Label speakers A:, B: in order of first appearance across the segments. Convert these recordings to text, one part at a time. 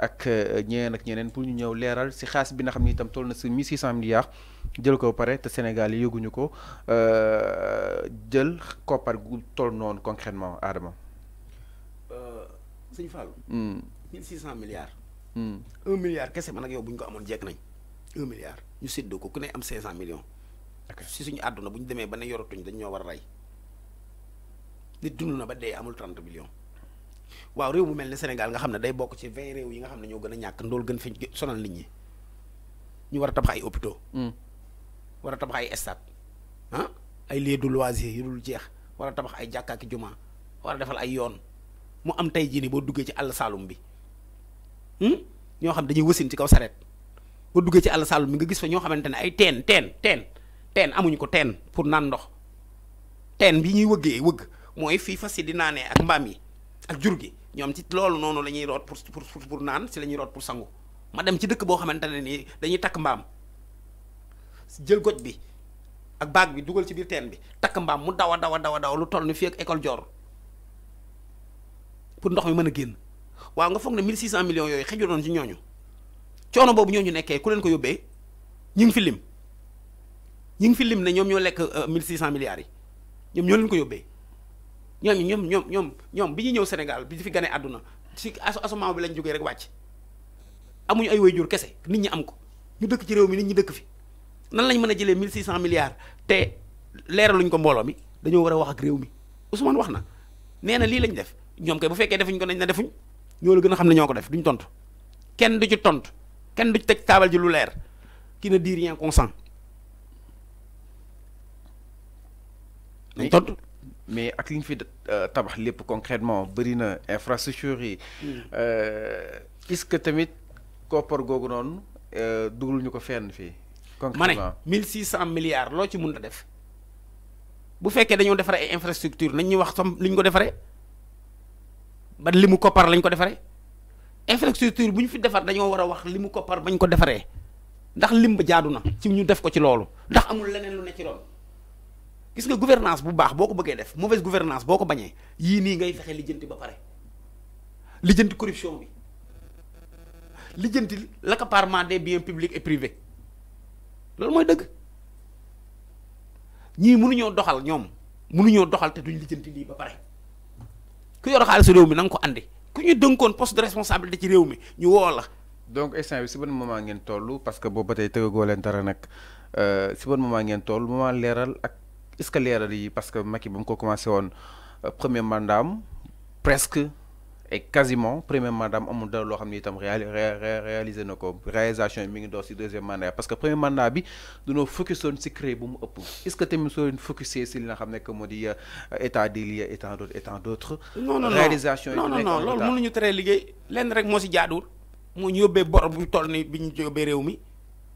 A: ak euh, ñeneen ak ñeneen pour ñu ñëw leeral si xaalis bi nga xam ni itam toll na si 1600 milliards jël ko pare te Sénégal yi yëguñu ko euh, jël koppar gu toll noonu concrètement Adama. Euh, sëñ Fallou. 1600 hmm. milliards. 1
B: hmm. milliard kese man ak yow bu ñu ko amoon jekk nañ. 1 milliard ñu séddoo ko ku ne am 500 millions. si suñu àdduna bu ñu demee ba ne yoratuñ dañ ñoo war a rey. nit dund na ba dee amul 30 millions. waaw réew mu mel ni Sénégal nga xam ne day bokk ci vingt réew yi nga xam ne ñoo gën a ñàkk ndool gën fi sonal nit ñi ñu war a tabax ay hôpitaux. Hmm. war a tabax ay stade ah, ay lieux de loisirs yu dul jeex war a tabax ay jàkkaaki juma war a defal ay yoon mu am tey jii nii boo duggee ci àll saalum bi hmm? ñoo xam dañuy wasin ci kaw sareet boo duggee ci àll saalum bi nga gis fa ñoo xamante ne ay teen teen teen teen amuñ ko teen pour naan ndox teen bi ñuy wëggee wëgg mooy fii fas yi di naanee ak mbaam yi. ak jur gi ñoom ci loolu noonu la ñuy root pour pour pour naan si la ñuy root pour sangu ma dem ci dëkk boo xamante ne nii dañuy takk mbaam jël goj bi ak baag bi dugal ci biir teen bi takk mbaam mu daw a daw a daw a daw lu toll ni fii ak école joor pour ndox mi mën a génn waaw nga foog ne 1600 millions yooyu xëju doon ci ñooñu coono boobu ñooñu nekkee ku leen ko yóbbee ñu ngi fi lim ñu ngi fi lim ne ñoom ñoo lekk 1600 euh, milliards yi ñoom ñoo leen ko yóbbee. ñooñu ñoom ñoom ñoom ñoom bi ñuy ñëw Sénégal bi di fi gane àdduna si asamaan bi lañ jógee rek wàcc amuñu ay jur kese nit ñi am ko ñu dëkk ci réew mi nit ñi dëkk fi nan lañ mën a jëlee 1600 milliards te luñ ko mbooloo mi dañoo war a wax ak réew mi Ousmane wax na nee na lii lañ def ñoom kay bu fekkee defuñ ko nañ na defuñ ñoo la gën a xam ne ñoo ko def duñ tontu kenn du ci tontu kenn du teg taabal ji lu leer qui ne diir rien consent.
A: nañ tontu. mais ak liñ fi euh, tabax lépp concrètement bëri na infrastructure yi. Hmm. Euh, est-ce que tamit koppar googu noonu euh, dugal ñu ko fenn fii. concrètement
B: ma ne 1600 milliards loo ci mën a def bu fekkee dañoo defare ay infrastructure nañ ñuy wax tam li ñu ko defare ba li mu koppar lañ ko defare infrastructure bu ñu fi defar dañoo war a wax li mu koppar bañ ko defaree ndax lim ba jaadu na ci ñu def ko ci loolu ndax amul leneen lu ne ci loolu. gis nga gouvernance bu baax boko ko def mauvaise gouvernance boko bañé yi ni ngay fexé lijeenti ba pare lijeenti corruption bi lijeenti l'accaparement des biens publics et privés loolu mooy dëgg mënu ñoo doxal mënu ñoo doxal te duñ lijeenti li ba pare ku yor su réew mi nang ko andé ku ñu dënkon poste de responsabilité ci réew mi ñu woo la
A: donc instant bi ci bon moment ngeen tollu parce que bo batay tey tëggagoo leen dara nag euh, si moment ngeen tollu moment léral ak est-ce que leeral parce que Macky ba ko commencé woon euh, premier mandat presque et quasiment premier mandat am amul dara loo xam ne itam réali na ko réalisation mi ngi do ci deuxième mandat parce que premier mandat bi dunoo focus woon ci créer bu mu ëpp est-ce que tam soo leen focusé ci li nga xam que modi euh, état des lieux et état d'autre et tant d'autres non non réalisation yi non non non loolu mënuñu
B: teree liggéey lenn rek mo si jaadul moo ñu yobé bor bu toll ni bi ñu yóbbee réew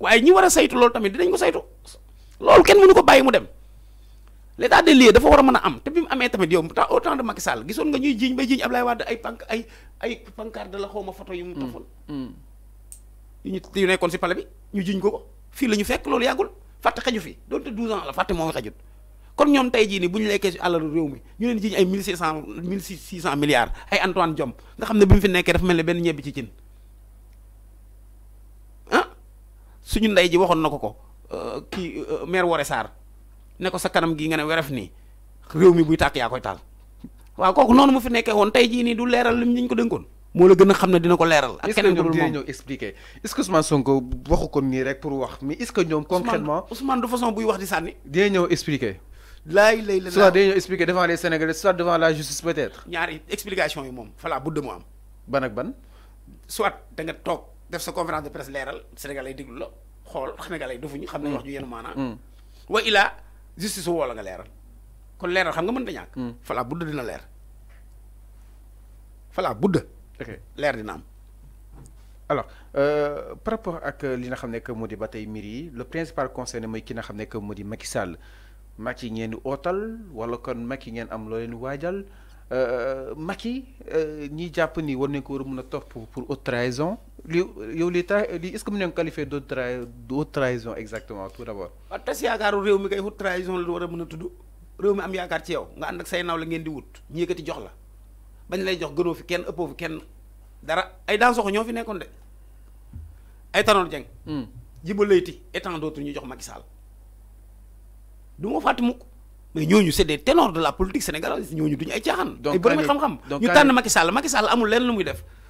B: waaye ñi war a saytu loolu tamit dinañ ko saytu loolu kenn mënu ko bàyyi mu dem l'état des lieux dafa war a mën a am te bi mu amee tamit yow au temps te Macky Sall gisoon nga ñuy jiiñ bay jiiñ Ablaye Wade ay panc ay ay mu mm. tafoon mm. yu nekkoon si pale bi ñu jiiñ ko ko fii la ñu fekk loolu yàggul fàtte xaju fi doonte 12 ans la fàtte moo xajut kon ñoom tey jii nii bu ñu lekkee si àlalu réew mi ñu leen jiiñ ay 1600 1600 milliards ay Antoine Diome nga xam ne bi mu fi nekkee dafa mel ne benn ñebbi ci cin suñu nday ji waxon nako ko ki euh, kii euh, maire Woré Sarr ne ko sa kanam gi nga ne weref ni réew mi buy tak ya koy tal wa koku nonu mu fi nekkee won tay ji ni du leeral lim ñu ko dénkoon.
A: mo la gëna a dina ko leeral. ak kenen ku dul moom est expliquer est-ce que man Sonko waxu ko nii rek pour wax mais est-ce que ñom concrètement Ousmane du façon buy wax di sanni dina ñëw expliquer. lay lay la soit dina expliquer devant les Sénégalais soit devant la justice peut-être. ñaari explication yi mom fala bu de mo am. ban ak ban.
B: soit da nga tok def sa conférence de presse leeral sénégalais déglu la xool sénégalais dofuñu xam ne mm. wax ju yéen maanaa mm. wa ilaa justice woo la nga leeral
A: kon leeral xam nga mën da ñàkk mm. falaa budd dina leer falaa budd leer dina am alors euh, par rapport ak euh, li nga xam ne que moo di ba tey miir yi le principal concerné mooy ki na xam ne que moo di Macky Sall Macky ngeen di ootal wala kon Macky ngeen am loo leen waajal euh, Macky ñi jàpp ni war nañ ko war a mën a topp pour haute trahison yow li tax li est ce que mën nañu qualifier d' autre trahi d' autre trahison exactement tout d' abord.
B: waaw tas yaakaaru réew mi kay wut trahison la war a mën a tudd réew mi am yaakaar ci yow nga ànd ak say naw la ngeen di wut ñu jox la bañ lay jox gënoo fi kenn ëppoo fi kenn dara ay daan soxo ñoo fi nekkoon de ay tanoor jeng. Hmm. jiba layti et tant d' autres ñu jox Macky Sall du ma fàtte mukk mais ñooñu c' est des ténors de la politique sénégalaise ñooñu duñu ay caaxaan. ay borom xam-xam ñu tànn Macky Sall Macky Sall amul lenn lu muy def.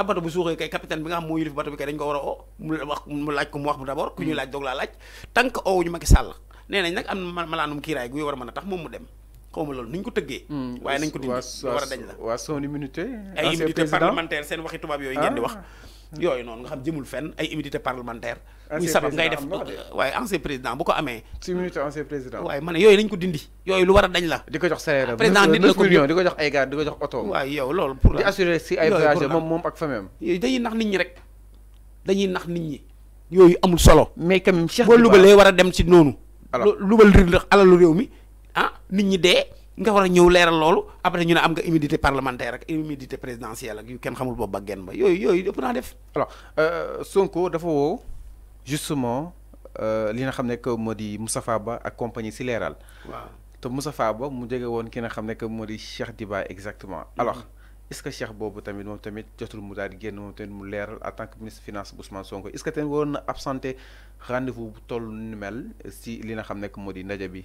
B: ab bato bu suuxee kay capitaine bi nga xam moo yilif bato bi kay dañ ko war a oo mu wax mu laaj ko mu wax mu d'abord ku ñuy laaj doog laa laaj tant que oowuñu Macky Sall nee nañ nag am na malaanum kiiraay guy war a a tax moom mu dem xaw ma loolu ni ko tëggee hmm. waaye nañ ko dindi war a dañ la waa son immunité ay immunité parlementaire seen waxi tubaab yooyu ngeen di wax ah. yooyu noonu nga xam jëmul fenn ay immunité parlementaire muy sabab ngay def waaye ancien président bu ko amee si immunité ancien président waaye yooyu nañ ko dindi yooyu lu war a dañ la di ko jox salaire président nit la ko di ko jox di oto waaye yow loolu pour di assurer si ay voyage moom moom ak nax nit ñi rek dañuy nax nit ñi yooyu amul solo mais quand même boo lubalee war a dem si noonu lubal rir ndax alalu réew mi ah nit ñi dee nga war a ñëw leeral loolu après ñu ne am nga immunité parlementaire ak immunité
A: présidentielle ak yu kenn xamul boobu ba genn ba yooyu yooyu ëpp naa def. alors euh, Sonko dafa woo justement euh, li nga xam ne que moo di Moustapha Ba ak compagnie si leeral. waaw te Moustapha Ba mu jege woon ki nga xam ne que moo di Cheikh Diba exactement. Mm-hmm. alors est-ce que Cheikh boobu tamit moom tamit jotul mu daal di génn moom tamit mu leeral en tant que ministre finance bu Sonko est-ce que tamit waroon na absenté rendez-vous bu toll nu mel si li nga xam ne que moo di ndaje bi.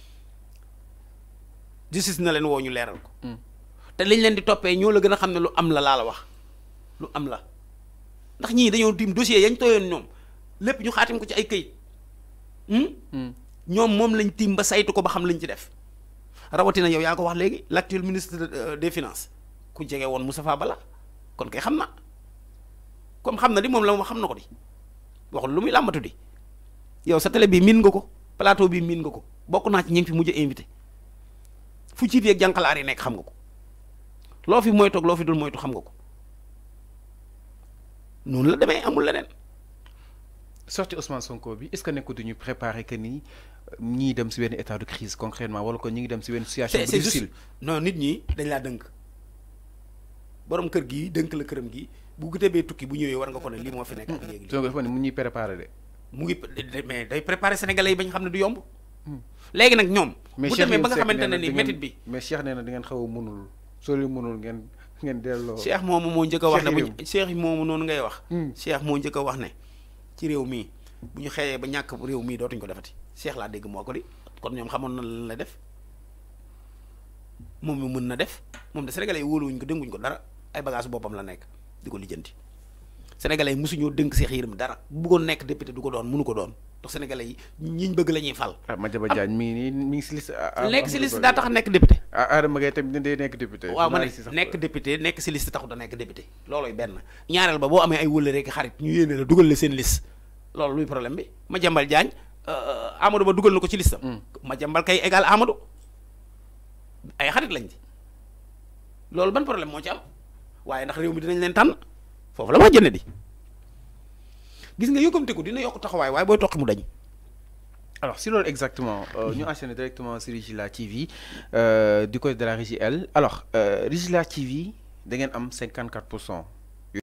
B: justice na leen woo ñu leeral ko. Mm. te liñ leen di toppee ñoo la gën a xam ne lu am la laa la wax lu am la ndax ñii dañoo tiim dossier yañ tooyoon ñoom lépp ñu xaatim ko ci ay këyit. Hmm? Mm. ñoom moom lañ tiim ba saytu ko ba xam lañ ci def rawatina yow yaa ko wax léegi l' actuel ministre de euh, finances ku jege woon Moustapha Bala kon kay xam na comme xam na di moom la moom xam na ko di waxul lu muy làmbatu di yow sa tele bi miin nga ko plateau bii miin nga ko bokk naa ci ñi ngi fi mujj invité. fu jiit yeeg jànqalaar yi nekk xam nga ko
A: loo fi moytoog loo fi dul moytu xam nga ko noonu la demee amul leneen. sorti Ousmane Sonko bi est-ce que nekkul du ñu préparer que nii euh, ñii dem si wenn état de crise concrètement wala ko ñi ngi dem si benn situation bu difficile non nit ñi
B: dañ laa dënk borom kër gi dënk la këram gi bu gudee bee tukki bu ñëwee war nga ko ne lii moo fi nekk. ak léegi
A: dafa ne mu ñuy préparer de.
B: mu ngi mais day préparer sénégalais yi xam ne
A: du yomb. léegi nag ñoom. bu demee ba nga xamante ne nii métit bi. mais Cheikh nee na di ngeen xaw a mënul soo leen mënul ngeen ngeen delloo. Cheikh moom moo njëkk a wax ne bu
B: Cheikh moomu noonu ngay wax. Hmm. Cheikh moo njëkk wax ne ci réew mii bu ñu xëyee ba ñàkk réew mii dootuñ ko defati Cheikh laa dégg moo ko di kon ñoom xamoon na lan la def moom mi mën na def moom de sénégalais yi wóoluwuñ ko dënguñ ko dara ay bagage boppam la nekk di ko lijjanti sénégalais yi mosuñoo dënk seex Yérim dara bu bëggoon nekk député du ko doon mënu ko doon ndax sénégalais yi ñiñ bëgg la ñuy
A: fal. ah Madiambal Diagne mii ngi mi ngi si liste. Ah, ah, nekk si liste daa tax nekk député. Ah, ah Adama Gaye tamit day nekk député. waaw ma ne
B: nekk député nekk si liste taxut a nekk député. loolooy benn
A: ñaareel ba boo amee ay wëllëre
B: rek xarit ñu yéene la dugal la seen liste loolu luy problème bi ma Madiambal Diagne euh, Amadou Ba dugal na ko ci listam. Hmm. Madiambal kay égal Amadou ay xarit lañ ci loolu ban problème moo ci am waaye ndax réew mi dinañ leen tànn foofu la ma jënd di. gis nga yëkkamte ko dina yokk taxawaay waaye booy toqi mu dañ
A: alors si loolu exactement euh, ñu euh, enchaîner directement si Rigila TV euh, du côté de la régie L alors euh, Rigila TV da ngeen am 54 pour cent